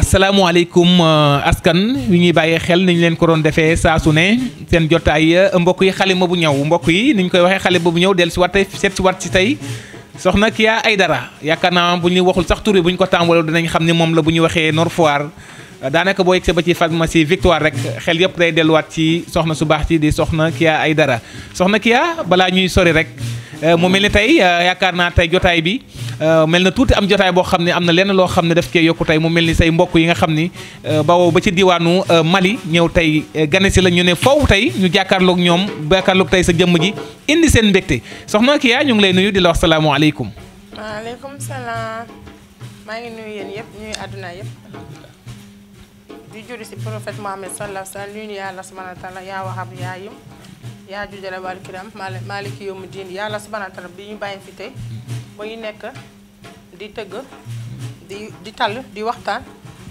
asalaamaaleykum euh, askan yu ñuy bàyyee xel ni ñu leen ko doon defee saa su ne seen jotaay euh, mbokk yi xalima bu ñëw mbokk yi ni ñu koy waxee xalima bu ñëw dellu si waat tey seet si waat si tey soxna ay dara yaakaar naa bu ñuy waxul sax tur bi bu ñu ko tàmbalee dinañ xam ne moom la bu ñu waxee Nord daanaka boo yegsee ba ci pharmacie victoire rek xel yëpp day delluwaat ci soxna su baax ci di soxna ay dara soxna Kya balaa ñuy sori rek euh, mu mel ni tey euh, yaakaar naa tey jotaay bi euh, mel na tuuti am jotaay boo xam ne am na lenn loo xam ne daf cee yokku tey mu mel ni say mbokk yi nga xam ni bawoo ba ci diwaanu Mali ñëw tey gane si la ñu ne foofu tey ñu jàkkaarloog ñoom jàkkaarloog tey sa jëmm ji indi seen mbégte soxna Kya ñu ngi lay nuyu di la wax salaamualeykum. maaleykum salaam maa ngi nuyu yéen yëpp ñuy àdduna yëpp. di julli si prophète Mohammed sallallahu alayhi wa sallam nuyu yàlla subhanahu wa taala yaa waxab yaa yim yaa jujjale wal kiram maaliki yawmi diin yàlla subhanahu wa bi ñu bàyyi fi tey ba ñu nekk di tëgg di di tall di waxtaan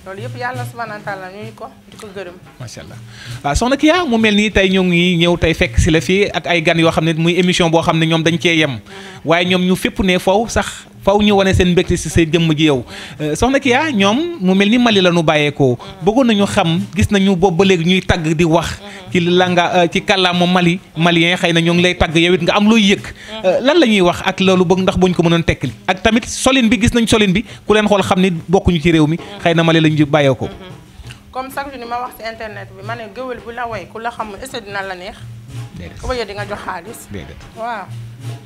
loolu yëpp yàlla subhanahu wa taala ñu ngi ko di ko gërëm. macha allah waaw ah, soxna yaa mu mel nii tey ñoo ngi ñëw tey fekk si la fii ak ay gan yoo xam ne muy émission boo xam ne ñoom dañ cee yem mm-hmm. waaye ñoom ñu fépp ne foofu sax. faw ñu wane seen mbégte si say jëmm ji yow euh, soxna Kya ñoom mu mel ni Mali la ñu bàyyeekoo bëggoon nañu xam gis nañu boobu ba léegi ñuy tagg di wax ci langa euh, Mali malien xëy na ñoo ngi lay tagg yow nga am looy yëg euh, lan la ñuy wax ak loolu bëgg ndax buñ ko mënoon tekkil ak tamit solin bi gis nañ solin bi ku leen xool xam ni bokkuñu ci réew mi xëy na Mali lañu bàyyeekoo comme chaque jour ni ma wax ci internet bi ma ne géwél bu la woy ku la xam est la neex ko bëggee di nga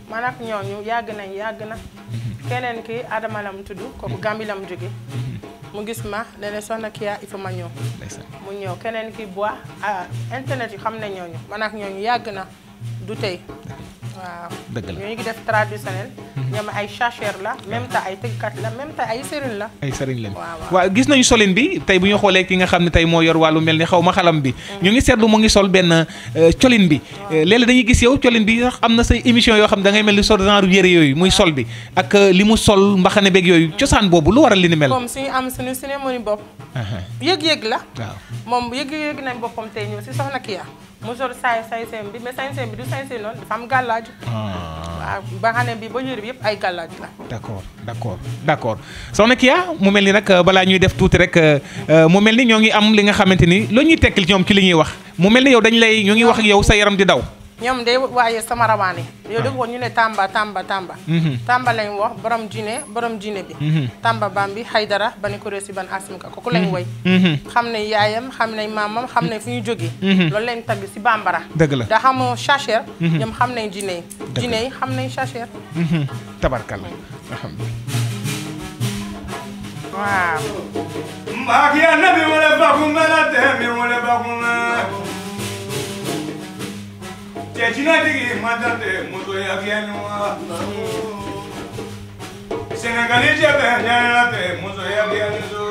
man ak ñooñu yàgg nañ yàgg na keneen ki Adama la mu tudd kooku Gàmbi la mu jóge mu gis ma ne ne soxna Kya il faut ma ñëw mu ñëw keneen ki bois ah, internet yi xam ne ñooñu man ñooñu yàgg na du tey waaw dëgg la ñu ngi def traditionnel. ñoom ay chachère la même temps ay tëggkat la même temps ay sëriñ la. ay sëriñ lañ waaw gis nañu solin bi tey bu ñu xoolee ki nga xam ne tey moo yor wàllu mel ni xaw ma xalam bi. Mm. ñu ngi seetlu mu ngi sol benn euh, colin bi. Euh, léeg dañuy gis yow colin bi am na sa émission yoo xam ne da ngay mel ni sol genre yére yooyu muy sol bi ak euh, li mu sol mbaxane beeg yooyu mm. cosaan boobu lu waral li ni mel. comme suñu am suñu cérémonie bopp. yëg-yëg la. waaw moom yëg-yëg nañ boppam tey ñëw si soxna mu sol saay sañseen bi mais sañseen bi du sañseen noonu dafa am gàllaaju ah. waaw ba xam ne bii ba yére bi yëpp ay gàllaaju la d' accord d' accord d' accord soxna mu mel ni nag euh, balaa ñuy def tuuti rek euh, euh, mu mel ni ñoo ngi am li nga xamante ni loo ñuy tekkil ñoom ci li ñuy wax mu mel ni yow dañu lay ñoo ngi wax ak yow sa yaram di daw ñoom day waaye sama rawaane ah. yow dégg woon ñu ne Tamba Tamba Tamba mhm. Tamba lañ wax borom jine borom jine bi mhm. Tamba Bambi Haydara bani ko si ban asimka kooku lañ mhm. woy xam ne yaayam xam ne maamam xam ne fu ñu jógee loolu lañ tagg si bambara dëgg la da xamoo chacher ñoom xam nañ jine yi jine yi xam nañ chacher tabarkalla alhamdulilah waaw mbaak ya nabi wala bakuma la temi wala bakuma jatinatigi matate musoya biyanuwa senegali cɛ bɛ ɲɛnana tɛ musoya biyanuso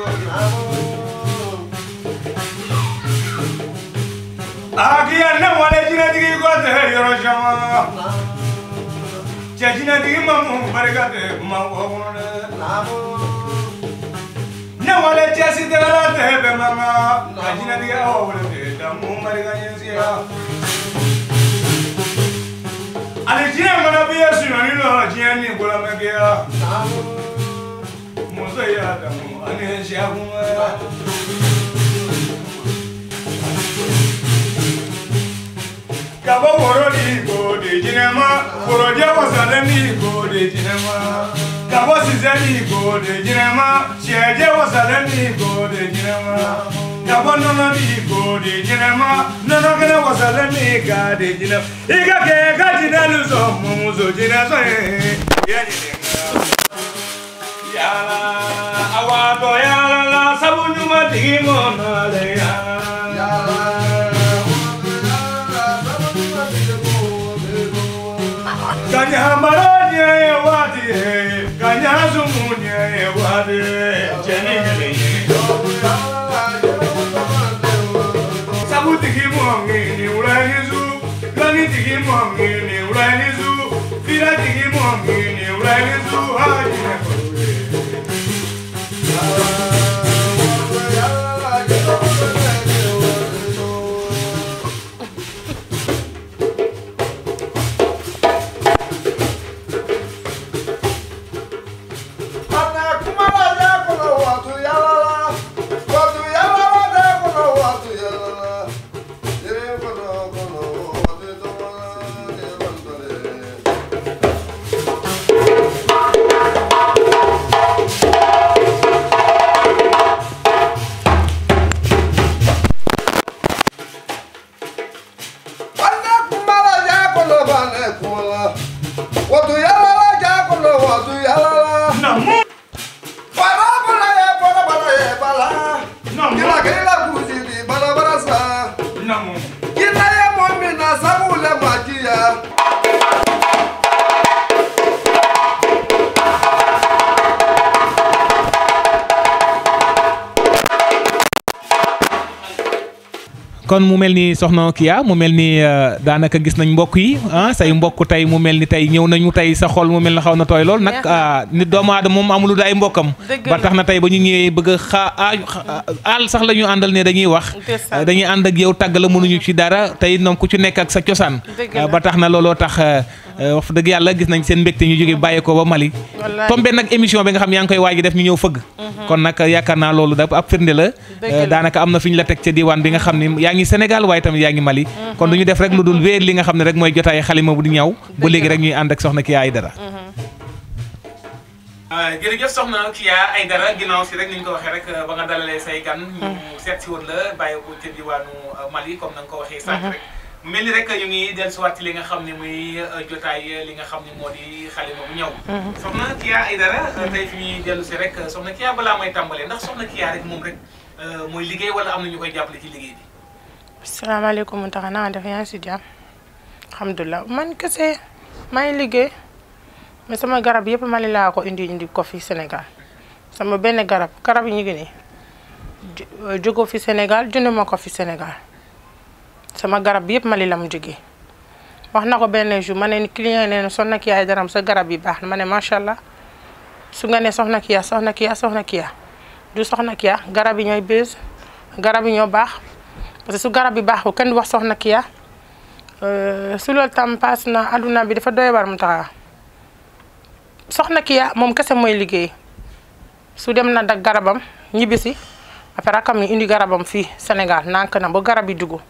akiya ne wale jinɛtigi kɔ tɛ yɔrɔ caman cɛ jinɛtigi ma mun barika tɛ kuma kɔ kɔnɔ dɛ ne wale cɛsitigɛla tɛ bɛn mankan ka jinɛtigi aw wele tɛ damu barika ɲɛsiya alijina mana bɛ yesu na ninu hɔ diɲɛ ni bolomakɛya muso y'a damu ani siyakumaya. ka bɔ woro ni ko de jinɛma worojɛ wasaden ni ko de jinɛma ka bɔ sisɛ ni ko de jinɛma siyɛjɛ wasaden ni ko de jinɛma ka bɔ nɔnɔ ni ko de jinɛma nɔnɔ kɛnɛ wasaden ni ka de jinɛma i ka kɛ ka. jina luzo mumuzo jina zoe ya jidenga yala awato yala la sabu nyuma digimo na le yala Kanya hambara jigi mɔmu ni wulali zu fila jigi mɔmu ni wulali zu hɔn jigi. kon mu mel ni soxna Kya mu mel ni euh, daanaka gis nañ mbokk yi ah say mbokk tey mu mel ni tey ñëw nañu tey sa xol mu mel na xaw na tooy lool nag ah, nit doomu aadama moom amulu ay mbokkam ba tax na tey ba ñu ñëwee bëgg a aal sax la ñu àndal ne dañuy wax ah, dañuy ànd ak yow tagg la mënuñu ci dara tey ñoom ku ci nekk ak sa cosaan ah, ba tax na looloo tax euh, Eh, wax dëgg yàlla gis nañ seen mbégte ñu jóge bàyyi ko ba Mali tombé nag émission bi nga xam yaa ngi koy waaj def ñu ñëw fëgg mhm. kon nag yaakaar naa loolu da ab firnde eh, la daanaka am na fi ñu la teg ca diwaan bi nga xam ne yaa ngi Sénégal waaye tamit yaa ngi Mali mhm. kon du ñu rek mooy jotaay xalima bu ñaw ba léegi rek ñuy ànd ak soxna Kya Aidara mhm. euh, jërëjëf soxna Kya Aidara ginnaaw si rek ni ko waxee rek euh, ba nga dalalee say gan ñu seet si woon la bàyyi ko ca diwaanu euh, Mali comme na nga ko waxee mel ni rek ñu ngi dellusiwaat ci li nga xam ne muy euh, jotaay li nga xam ne moo di xale moom ñëw. soxna Kya Aidara. Euh, tey fi ñuy dellu si rek euh, soxna Kya balaa may tàmbalee ndax soxna Kya rek moom rek mooy liggéey wala am na ñu koy jàppale ci liggéey bi. asalaamaaleykum mu tax naa def yaa ngi si jàmm alhamdulilah man kese maa liggéey mais sama garab yépp Mali laa ko indi indi ko fi Sénégal sama benn garab garab yi ñu ngi nii jógo fi Sénégal junne ko fi Sénégal. sama garab yëpp Mali la mu jógee wax na ko benn jour ma ne ni client nee na soxna Kiya Dramé sa garab yi baax na ma ne macha allah su nga ne soxna Kiya soxna Kiya soxna Kiya du soxna Kiya garab yi ñooy bées garab yi ñoo baax parce que su garab yi baaxul kenn wax soxna Kiya euh, su loolu tam paas na adduna bi dafa doy war mu taxaa soxna Kiya moom kese mooy liggéey su dem na dag garabam ñibbisi après rakam yi indi garabam fii Sénégal nànk na ba garab yi dugg.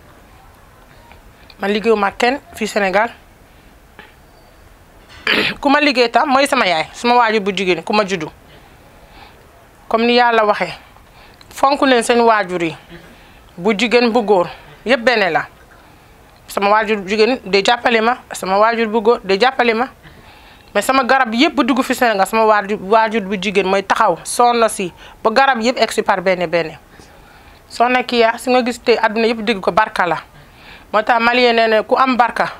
ma liggéeyuma kenn fii Sénégal ku ma liggéey tam mooy sama yaay suma waajur bu jigéen ku ma juddu comme ni yàlla waxee fonk leen seen waajur yi bu jigéen bu góor yëpp benn la sama waajur bu jigéen day jàppale ma sama waajur bu góor day jàppale ma mais sama garab yëpp bu dugg fi Sénégal sama waajur waajur bu jigéen mooy taxaw soxna si ba garab yëpp egg si par benn benn soxna kii yaa su nga gis te àdduna yëpp dégg ko barka la. moo tax malien nee ne ku am barka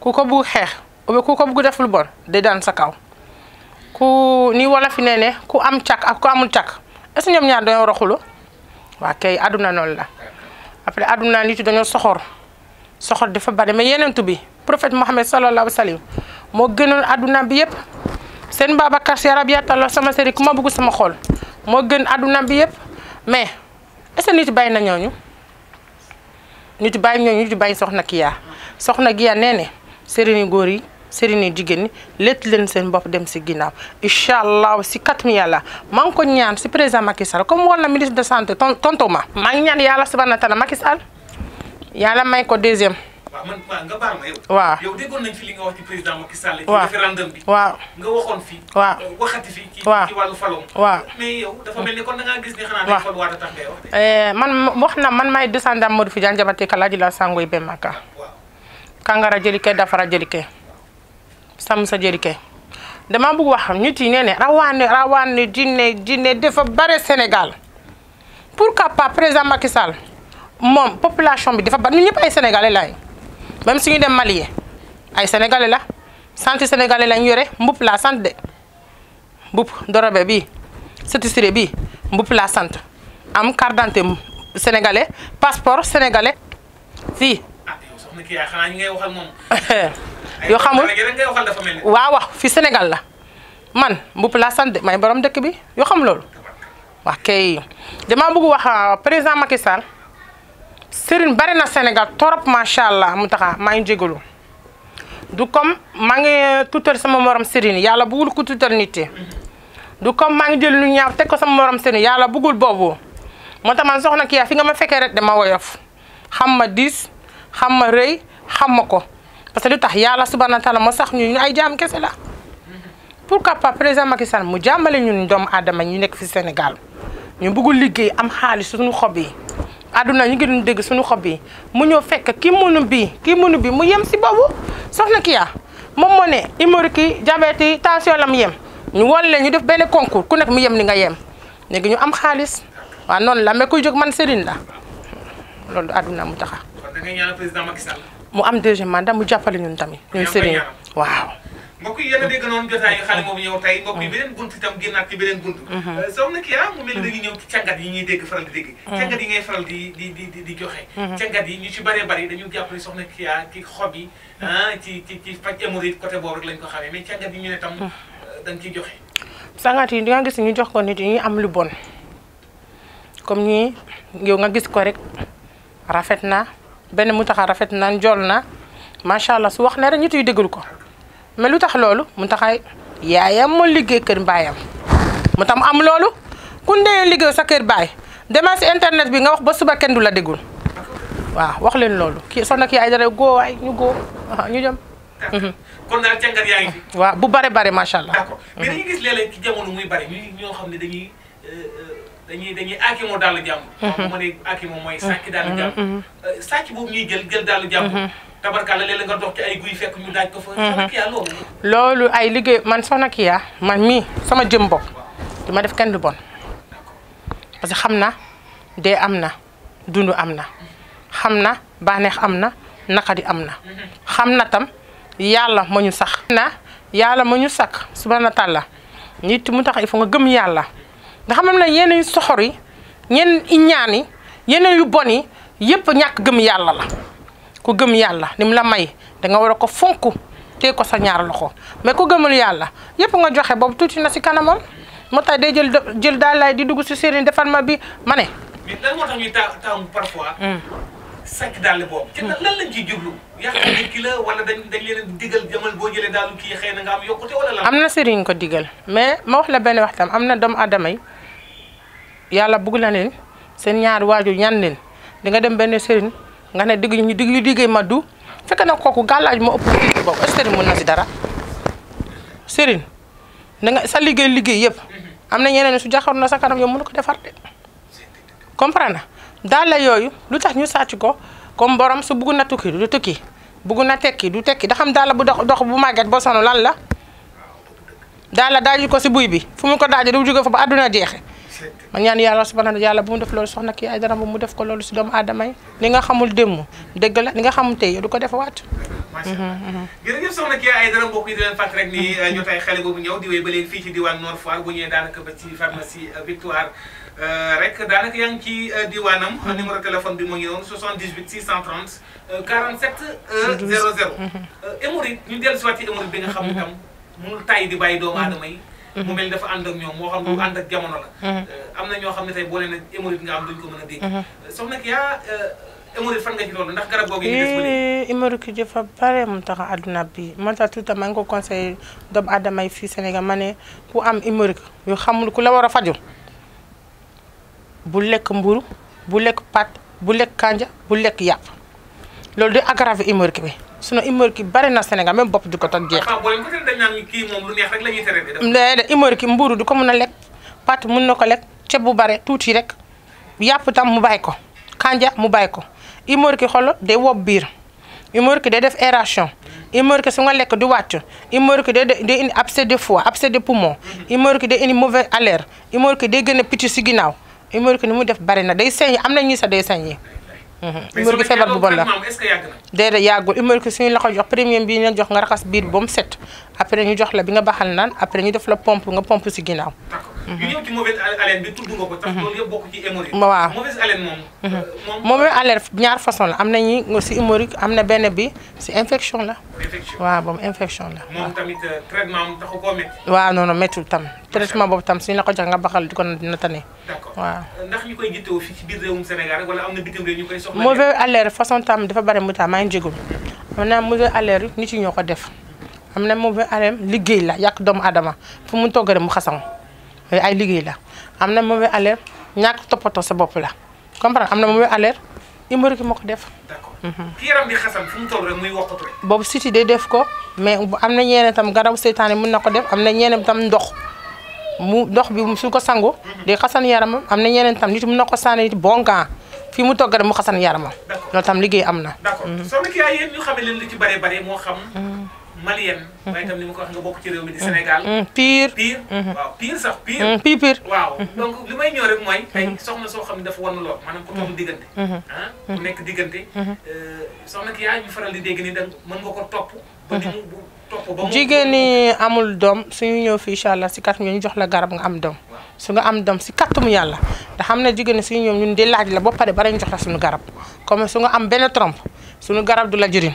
ku ko bugg xeex ou ku ko bugg deful lu bon day daan sa kaw ku ni wolof yi nee ne ku am caq ak ku amul caq est-ce que ñoom ñaar dañoo roxulo waa kay àdduna noonu la après àdduna nit yi dañoo soxor soxor dafa bari mais yeneentu bi prophète Mohammed sallallahu alayhi wa sallam moo gënoon àdduna bi yëpp seen Babacar Si yarab yàttaloo sama sëriñ ku ma bëgg sama xol moo gën àdduna bi yëpp mais est-ce que nit bàyyi na ñooñu ñu ci bàyyi ñooñu ñu ci bàyyi soxna Kiya soxna Kiya nee ne sëriñu góor yi sëriñu jigéen ñi létt leen seen bopp dem si ginnaaw incha allah si kat mi yàlla maa ngi ko ñaan si président Macky Sall comme war na ministre de santé tonto ma maa ngi ñaan yàlla subhanahu wa taala Macky Sall yàlla may ko deuxième man nga baal ma yow. waaw yow déggoon nañ fi li nga wax ci président Macky Sall. waaw fi. waaw a tax ngay wax de. Eh, man wax na man maay descendant Modou Fidiane Diabaté Kala di la sangoy be Makka. waaw Kangara dama bëgg wax nit yi nee rawaane rawaane jinne jinne dafa bare Sénégal pourquoi pas président Macky Sall moom population bi dafa bari ñun ñëpp ay sénégalais laay même suñu dem Mali yi ay sénégalais la santé sénégalais lañ yore mbupp laa sant de mbupp dorobe bii satisfiré bii mbupp laa sant am carte d'identité sénégalais passeport sénégalais fii. yo xamul waa wax fi Sénégal la man mbupp laa sant de may borom dëkk bi yoo xam loolu. wax kay damaa bëgg wax euh, président Macky sëriñ bari na Sénégal torop macha allah mu taxa maa ngi jégalu du comme maa ngi tuutal sama morom sëriñ yàlla bugul ku tuutal nit du comme maa ngi jël lu ñaaw teg ko sama morom sëriñ yàlla bugul boobu moo tax man soxna kii yaa fi nga ma fekkee rek dama woyof xam ma diis xam ma rëy xam ma ko parce que lu tax yàlla subhaana taala moo sax ñu ay jaam kese la pourquoi pas président Macky Sall mu jàmbale ñun doomu aadama ñu nekk fi Sénégal ñu bëggul liggéey am xaalis xob yi àdduna ñu ngi doon dégg suñu xob yi mu ñëw fekk ki munu bi ki munu bi mu yem si boobu soxna Kya moom moo ne ki yi diabète yi tension la mu yem ñu wol leen ñu def benn concours ku nekk mu yem ni nga yem léegi ñu am xaalis waaw noonu la mais kuy jóg man Serigne la loolu adduna mu taxa. mu am deuxième mandat mu jàppale ñun tamit ñun Serigne waaw. mbokk yi yéen a dégg noonu jotaay yu xale moomu ñëw tey mbokk yi mm. beneen bunt itam génnaat ci beneen bunt mm-hmm. euh, soxna Kya mu mel ni mm-hmm. yi ñuy dégg di dégg mm-hmm. càngat yi ngay faral di joxe càngat yi ñu ci bëree bëri dañu jàpp ne soxna Kya ci xob ah, ci ci ci faj côté boobu lañ ko xamee mais càngat yi euh, dañ ciy joxe sangat yi di nga gis ñu jox ko nit yi ñu am lu bon comme ñii yow nga gis ko rek rafet na beneen mu taxa rafet na njool na macha allah su wax ne rek ñu tuy déglu ko mais lu tax loolu mu taxay yaayam moo liggéey kër mbaayam mu tam am loolu ku ndee liggéey sa kër baay demal si internet bi nga wax ba suba kenn du la déggul waaw wax leen loolu kii soxna kii ay dara góowaay ñu góo ñu jëm. Mhm. kon daal waaw bu bare bare macha allah. d'accord mhm. mais dañuy gis muy bare ñu xam ne dañuy euh, euh, dañuy dañuy aakimoo daal la jàmm. bu mhm. mooy sàcc daal la jàmm. Euh, sàcc boobu ñuy jël jël daal la jàmm. tabarkaale mhm. loolu. ay liggéey man soxna Kya man mii sama jëm bopp ma def kenn lu bon parce que xam na dee am na dund am na xam na baneex am na naqadi am na xam na tam yàlla ma ñu sax. na yàlla ma ñu sakk subhana taala nit mu tax il faut nga gëm yàlla nga xam na yeneen soxor yi yeneen iñaan yi yeneen yu bon yi yëpp ñàkk gëm yàlla la. ko gëm yàlla lim la may danga war a ko fonk tee ko sa ñaar loxo mais ko gëmul yàlla yëpp nga joxe boobu tuuti na si kanamam moo tax day jël jël daal laay di dugg si sëriñ defal ma bi ma ne. mais lan moo hmm. na nga am na sëriñ ko digal mais ma wax la benn waxtam am na doomu aadama yi yàlla bugg la leen seen ñaar waajur ñan leen danga dem benn sëriñ. nga ne digg ñu digg yu ma du fekk na kooku gàllaaj moo ëpp liggéey boobu est-ce que mën na si dara Serigne da sa liggéey liggéey yëpp am na ñeneen su jaxaroon na sa kanam yow mënu ko defar de comprendre daal la yooyu lu tax ñu sàcc ko comme borom su bugg na tukki du tukki bugg na tekki du tekki daxam xam daal la bu dox dox bu màgget boo sonn lan la daal la daaju ko si buy bi fu mu ko daajee du jóge fa ba àdduna jeexe ma ñaan yàlla subhanahu yàlla bu mu def loolu soxna kii ay dara mu def ko loolu si doomu aadama yi li nga xamul démb dëgg la li nga xamul tey du ko def waat mhm, mhm. jërëjëf soxna kii euh, euh, euh, mhm. bi moo ngi noonu 78 630 47 00 émoride ñu dellu si waat ci émoride bi nga xam ne tam mënul di bàyyi doomu aadama yi mu mel ni dafa ànd ak ñoom moo xam lu mhm. ànd ak jamono la mhm. eh, am na ñoo xam ne nga am duñ ko mën a dégg mhm. eh, soxna ki yaa ah, hémorroïde eh, fan mu tax àdduna bi moo tax tout maa ngi ko conseillé doomu aadama yi fii Sénégal ma ne ku am hémorroïde yu xamul ku la war a faju bu lekk mburu bu lekk pâte bu lekk kanja bu lekk yàpp loolu de aggravé hémorroïde bi sunu humeur ki bari na Sénégal même bopp di ko toj jeex. léeg-léeg ki mbuuru du ko mën a lekk pâte mun na ko lekk ceeb bu bare tuuti rek yàpp tam mu bàyyi ko kanja mu bàyyi ko humeur ki xolo day wob biir humeur ki day def aération. humeur ki su nga lekk du wàcc humeur ki day day indi abcès de foie abcès de poumon humeur ki day indi mauvais alerte humeur ki day gën a piti si ginnaaw humeur ki ni muy def bari na day sañ am na ñuy sax day sañ humeur mhm. bi feebar bu bon la déedéet yàggul humeur bi suñu la ko jox première bi ñu jox nga raxas biir ba mu set après ñu jox la bi nga baxal naan après ñu def la pompe nga pompe si ginnaaw Mm-hmm. yu ñëw mm-hmm. ci waaw mauvaise haleine mm-hmm. euh, ñaar façon la am na ñi si hémorroïde am na benn bi si infection la. infection waaw boobu infection la. moom tamit euh, waaw non non tam traitement boobu tam si la ko jox nga baxal di ko euh, façon tam dafa bari mu taal maa ngi jégalu maanaam mauvaise haleine nit ñoo ko def am na mauvaise haleine liggéey la yàq doomu adama pour mu togg rek mu xasan yooyu ay liggéey la am na mauvais alerte ñàkk toppatoo sa bopp la comprendre am na mauvais alerte humeur ki moo ko def. mu toll rek muy wokkatu boobu siti day def ko mais am na ñeneen tam garabu seytaane mën na ko def am na ñeene tam ndox mu ndox bi su ko sango mhm. day xasan yaramam am na ñeneen tam nit mën na ko sànni nit bon mu togg rek mu xasan yaram d'accord loolu tam liggéey am na. malienne. Mhm. waaye itam ni ma ko wax nga bokk ci réew mi di Sénégal. pire pire. waaw mhm. ñëw rek mooy. tey mhm. soxna soo mu doom suñu ñëw fii incha allah si ñu jox la garab nga am doom. su nga am doom si kàttum yàlla da xam ne jigéen suñu ñoom ñu di laaj la ba pare ba ñu jox la suñu garab comme su nga am benn trompe suñu garab du la jëriñ.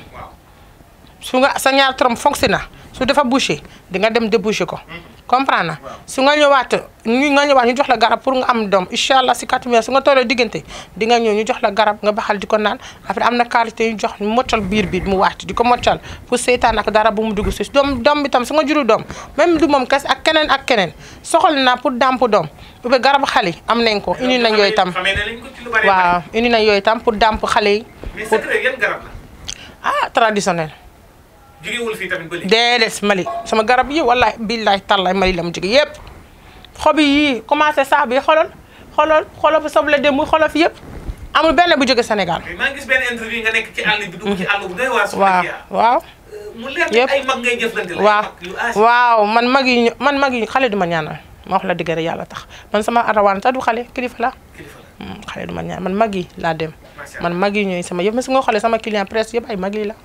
su nga sa ñaar trom fonctionné na su defa bouché di nga dem débouché ko comprendre na su nga ñëwaat ñu nga ñëwaat ñu jox la garab pour nga am doom incha allah si quatre mois su nga tollee diggante di ñëw ñu jox la garab nga baxal di ko naan après am na qualité ñu jox mottal biir bi mu wàcc di ko mottal pour seytaan ak dara bu mu dugg si doom doom bi tam su nga juru doom même du moom kes a keneen ak keneen soxal naa pour dàmp doom bu garab xale am nañ ko indi nañ yooyu tam waaw indi nañ yooyu tam pour dàmp xale yi ah traditionnel jógewul fii Mali sama garab yi wallaahi billaahi tallaahi Mali la mu jóge yëpp xob yii commencé saa bi xolol xolol xolof soble dem muy xolof yëpp amul benn bu jóge Sénégal. maa gis benn interview nga nekk ci waaw waaw. Euh, mu waaw man mag yi man mag yi xale du ma ñaanal ma wax la diggante yàlla tax man sama arawaan sax du xale kilifa la. Mm, xale du ma ñaanal man mag yi laa dem. man mag yi ñooy sama yëpp mais su nga xoolee sama client presque yëpp ay mag yi la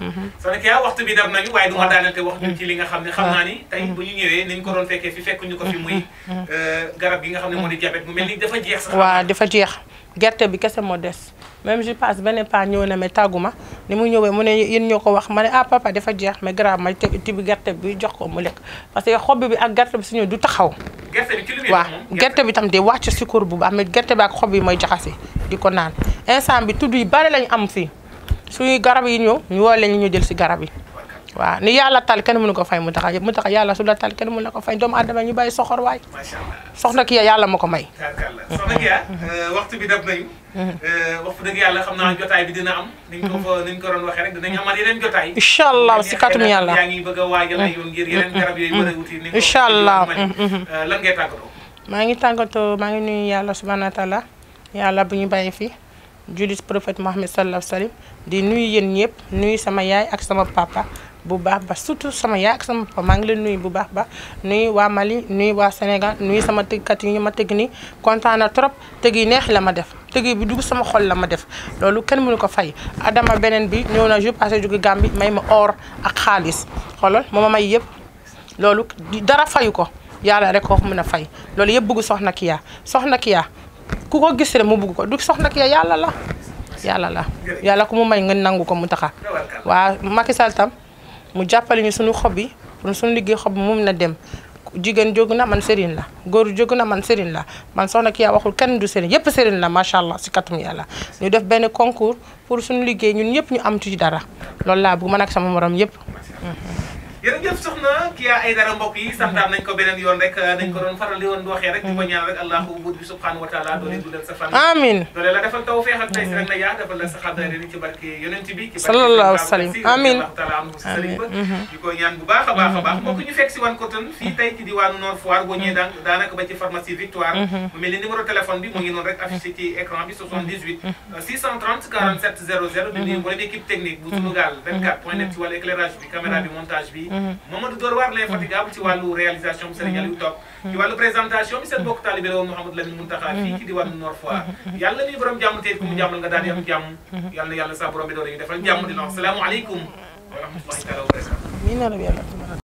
mhm. soo nekkee waxtu bi dab nañu waaye du ma daaneel te wax ñu ci li nga xam ne xam naa ni tey bu ñu ñëwee nañ ko doon fekkee fi fekkuñu ko fi mhm. muy mhm. Euh, garab gi nga xam ne moo di diabète mu mel ni dafa jeex sax dafa jeex gerte bi kese moo des même je passe benn paa ñëw na mais tàgguma ni mu ñëwee mu ne yéen ñoo ko wax ma ne ah papa dafa jeex mais grave ma teg tibb gerte bi jox ko mu lekk parce que xob bi ak gerte bi suñu du taxaw. gerte waaw gerte bi tam de wàcc sukkur bu baax mais gerte bi ak xob yi mooy jaxase di ko naan instant bi tudd yi bari lañu am fii suñuy garab yi ñëw ñu woo leen ñu jël si garab yi waaw ni yàlla tal kenn mënu ko fay mu taxa mu taxa yàlla su la tal kenn mënu la ko fay doomu aadama ñu bàyyi soxor waay. macha yàlla ko may. soxna ki euh, mm-hmm. euh, mm-hmm. allah si katum yàlla ngi bëgg a waajal mm-hmm. ay yoon euh, maa ngi tàggatoo maa ngi nuyu yàlla subhanahu wa taala yàlla bu ñu bàyyi fi julit prophète Mohammed sallallahu alayhi di nuyu yéen ñëpp nuyu sama yaay ak sama papa bu baax baax surtout sama yaay ak sama papa maa ngi leen nuyu bu baax baax nuyu waa Mali nuyu waa Sénégal nuyu sama tëggkat yi ma tëgg nii kontaan trop tëgg yi neexi la ma def tëgg bi dugg sama xol la ma def loolu kenn mënu ko fay adama beneen bi ñëw na je passé jóge Gambie may ma or ak xaalis xoolal moo may yëpp loolu dara fayu ko yàlla rek ko mën a fay loolu yëpp bëgg soxna ki yaa soxna ki yaa ku ko gis rek mu bugg ko du soxna ki yaa yàlla la yàlla la yàlla ku mu may nga nangu ko mu mu jàppale ñu suñu xob yi pour suñu liggéey xob bi moom na dem jigéen jóg na man sëriñ la góor jóg na man sëriñ la man soxna ki yaa waxul kenn du sëriñ yëpp sëriñ la macha allah si katum yàlla ñu def benn concours pour suñu liggéey ñun ñëpp ñu am ci dara loolu la bëgg man ak sama moroom yëpp jërëjëf soxna Kya Aidara mbokk yi santaam nañ ko beneen yoon rek euh, dañ ko doon faral di woon waxee rek di ko ñaan rek allahu buur bi subhanahu wa taala doole dundal sa fan amin doole la defal tawfeex ak tey si rek na yaa defal la sa xadare ni ci barke yonent bi ci sallallahu alayhi wa sallam amin taala am sëriñ ba ñu mhm. koy ñaan bu baax a baax a baax mhm. mbokk ñu fekk si wan kotan fii tey ci diwaanu Nord Foire boo ñëwee daan mhm. daanaka ba ci pharmacie victoire mu mel ni numéro téléphone bi mu ngi noonu rek affiché ci écran bi 78 630 47 00 di nuyu mboolem équipe technique bu Sunugal 24 point net ci wàllu éclairage bi caméra bi montage bi Mm-hmm. Mamadou Dóor waar lay fatigable ci wàllu réalisation bi Sénégal yu mm-hmm. toog ci wàllu présentation bi seen bokk taalibe la woon Mouhamadou Lamine Mountakha fii mm-hmm. ci diwaanu Nord Foire yàlla ni borom jàmm tey ku mu jàmmal nga daal di am jàmm yàlla na yàlla sa borom bi doon ñu defal jàmm dina wax salaamaaleykum wa rahmatullahi taala wa barakatu